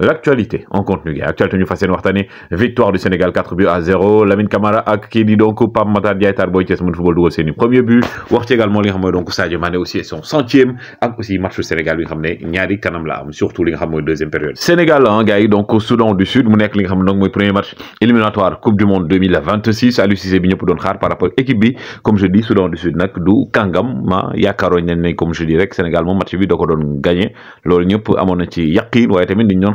l'actualité en contenu gay actualité ñu à yéene victoire du Sénégal 4 buts à 0 Lamine Camara ak kii donc Pam Matar Ndiaye Tar Boy Thiès mën football du seeni premier but wax ci également li xam donc Sadio Mané aussi son centième ak aussi matchu Sénégal bi nga xam ne ñaari kanam la am surtout li nga xam deuxième période Sénégal ah gars yi donc Soudan du Sud mu nekk li nga xam donc mon premier match éliminatoire Coupe du Monde 2026 Aliou Cissé bi ñëpp doon xaar par rapport équipe bi comme je dis Soudan du Sud Nak, du Kangam, ma yaakaaroon nañ comme je dis rek Sénégal moom match bi da ko doon gagné loolu ñëpp amoon na ci tamit doon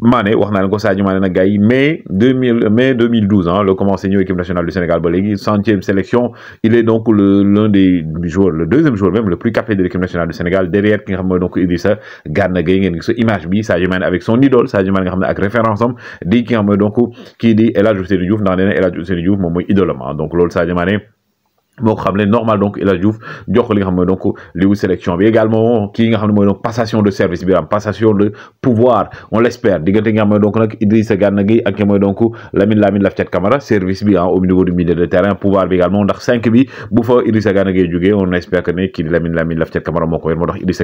Mané on a leen ko Sadio Mané nag mai 2012, hein, le le deux équipe nationale du Sénégal ba centième sélection il est donc le l'un des joueurs le deuxième joueur même le plus capé de l'équipe nationale du Sénégal derrière qui donc Idrissa Gana Gueye ngeen son image bi Sadio Mané avec son idole Sadio Mané nga référence Dit qui ki donc qui dit, El Hadji Ousseynou Diouf ndax El Hadji Diouf moom idole hein. donc l'autre Sadio Mané moo normal donc il a Diouf jox li nga xam donc sélection mais également qui nga xam donc passation de service bien passation de pouvoir on l'espère. espère diggante nga donc nag Idrissa Gana Gueye ak nga donc Lamine Lamine Laftiat Camara service bi hein, au niveau du milieu de terrain pouvoir également également a cinq bi bu fa Idrissa Gana Gueye on espère que ne kii Lamine Lamine Laftiat Camara moo ko wér moo tax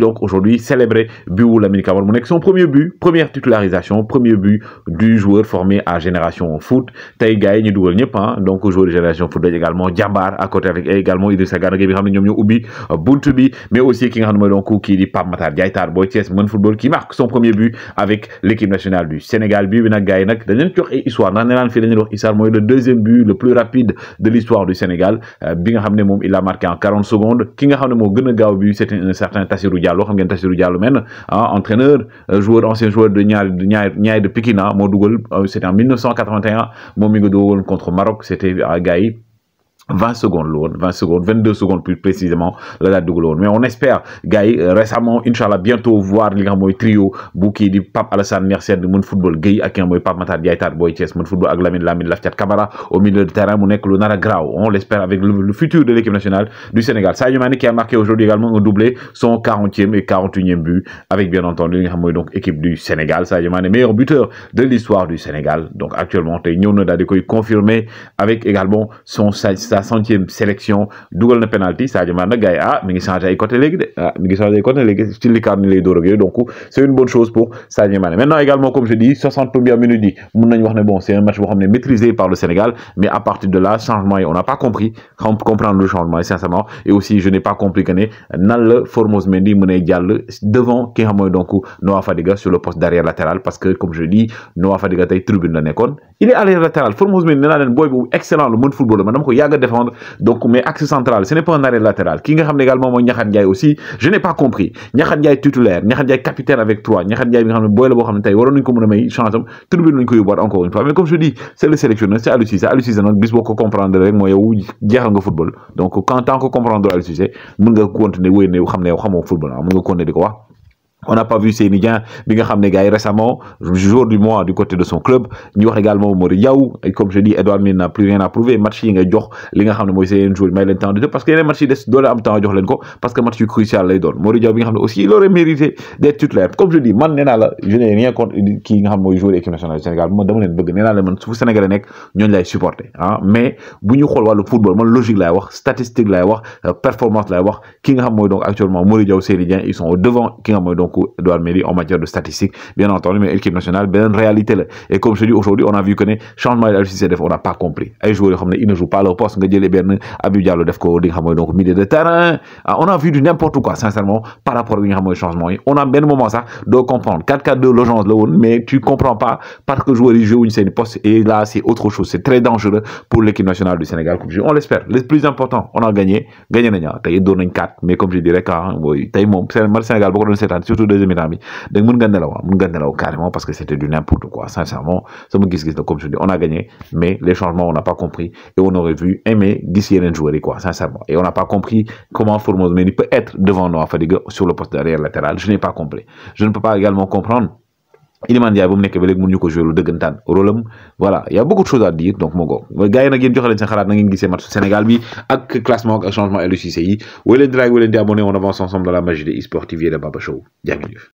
donc aujourd'hui célébrer but la Lamine Camara mon son premier but première titularisation premier but du joueur formé à génération foot tey gars yi ñu dugal hein, donc joueur de génération foot également Jambar à côté avec également Idrissa Gana Gueye bi xam ñom ñu Ubi ubbi euh, buntu bi mais aussi ki nga qui ne mooy donc kii di Pape Matar Tar Boy Thiès mën football qui marque son premier but avec l'équipe nationale du Sénégal bi nak nag nak dañ leen jox histoire ndax nee naan dañ leen wax histoire moy le deuxième but le plus rapide de l'histoire du Sénégal euh, bi nga xam mom il a marqué en 40 secondes ki nga xam mo gëna a gaaw but C'est un certain Tassirou Diallo xam ngeen Tassirou Diallo men hein, entraîneur euh, joueur ancien joueur de ñaar ñaar ñaar de Pikina. mo duggal c'était en 1981 moom mi contre Maroc c'était à Gaï. 20 secondes 20 secondes, 22 secondes plus précisément la date de mais on espère Guy. Euh, récemment Inch'Allah bientôt voir le trio bouki du Pape Alassane Mercier à football ak Pape football au milieu de terrain on l'espère avec le futur de l'équipe nationale du Sénégal Sadio qui a marqué aujourd'hui également un doublé son 40e et 41e but avec bien entendu l'équipe donc équipe du Sénégal Sadio Mané meilleur buteur de l'histoire du Sénégal donc actuellement tey confirmé na confirmé avec également son centième sélection double na penalty Sadio Mané dit que yi ah changé côté il a changé côté léegi ni ah, lay donc c'est une bonne chose pour Sadio Mané maintenant également comme je dis 60e minutes c'est bon un match maîtrisé par le Sénégal mais à partir de là changement on n'a pas compris comprendre le changement sincèrement et aussi je n'ai pas compris que ne Nalle le Formose Mendy mën devant ki donc Noah Fadiga sur le poste d'arrière latéral parce que comme je dis Noah Fadiga tey tribune il est arrière latéral Formos Mendy est excellent le monde football maintenant, man y ko défendre. Donc, mais axe central, ce n'est pas un arrêt latéral. Qui a également, moi, Niakhad Ndiaye aussi, je n'ai pas compris. Niakhad Ndiaye titulaire, Niakhad Ndiaye capitaine avec 3, Niakhad Ndiaye, moi, boy, le boham, taille, waron, nous, mais, chance, tout le monde, nous, encore une fois. Mais comme je dis, c'est le sélectionneur, c'est c'est Alucise, donc, bis, beaucoup comprendre, moi, ou, diar, le football. Donc, quand tant que comprendre Alucise, nous, continuer, oui, nous, nous, football, ah, nous, continuer, quoi. On n'a pas vu ces Sénidien, récemment, jour du mois du côté de son club. Nous également yaou Et comme je dis, Edouard Mine n'a plus rien à prouver. Match, il y a un jour, c'est un jour, mais il temps de Parce qu'il y a un match qui est temps de parce que match crucial, il donne. Moriyaou, aussi, il aurait mérité d'être titulaire. Comme je dis, man, je n'ai rien contre qui a joué l'équipe nationale du Sénégal. Moi, je suis un peu Sénégalais, nous supporter. hein Mais, si nous regardons le football, moi, logique, la statistique, la euh, performance, la qui a donc actuellement Moriyaou, Sénidien, ils sont au devant, qui a donc beaucoup Edouard en matière de statistiques, bien entendu, mais l'équipe nationale, ben réalité là. Et comme je dis aujourd'hui, on a vu que le changement de la justice on n'a pas compris. Les joueurs, ils ne jouent pas leur poste, ils ben Abib Diallo def ko donc milieu de terrain ah, on a vu du n'importe quoi sincèrement par rapport au changement on a bien le moment ça comprendre 4-4-2 l'urgence mais tu ne comprends pas parce que jouer les joué une scène poste et là c'est autre chose c'est très dangereux pour l'équipe nationale du Sénégal on l'espère le plus important on a gagné gagné t'as a donné nañ 4 mais comme je dirais ah, c'est le Sénégal beaucoup de doon seetaan surtout deuxième mi-temps donc mën nga nelaw mën nga carrément parce que c'était du n'importe quoi sincèrement qui comme je dis on a gagné mais les changements on n'a pas compris et on aurait vu aimer gis yeneen jouer, quoi sincèrement et on n'a pas compris comment Formose peut être devant Noa Fadiga sur le poste d'arrière latéral je n'ai pas compris je ne peux pas également comprendre Iliman Ndiaye ba mu nekkee ba léegi mënuñu ko joué lu dëggantaan rôle am voilà y' a beaucoup de choses à dire donc moo ko gars yi nag yéen joxe leen seen xalaat na ngeen gisee match Sénégal bi ak classement ak changement LU Cissé yi woy leen di like woy leen di abonné on avance ensemble dans la magie des eSport TV de Baba Show jaa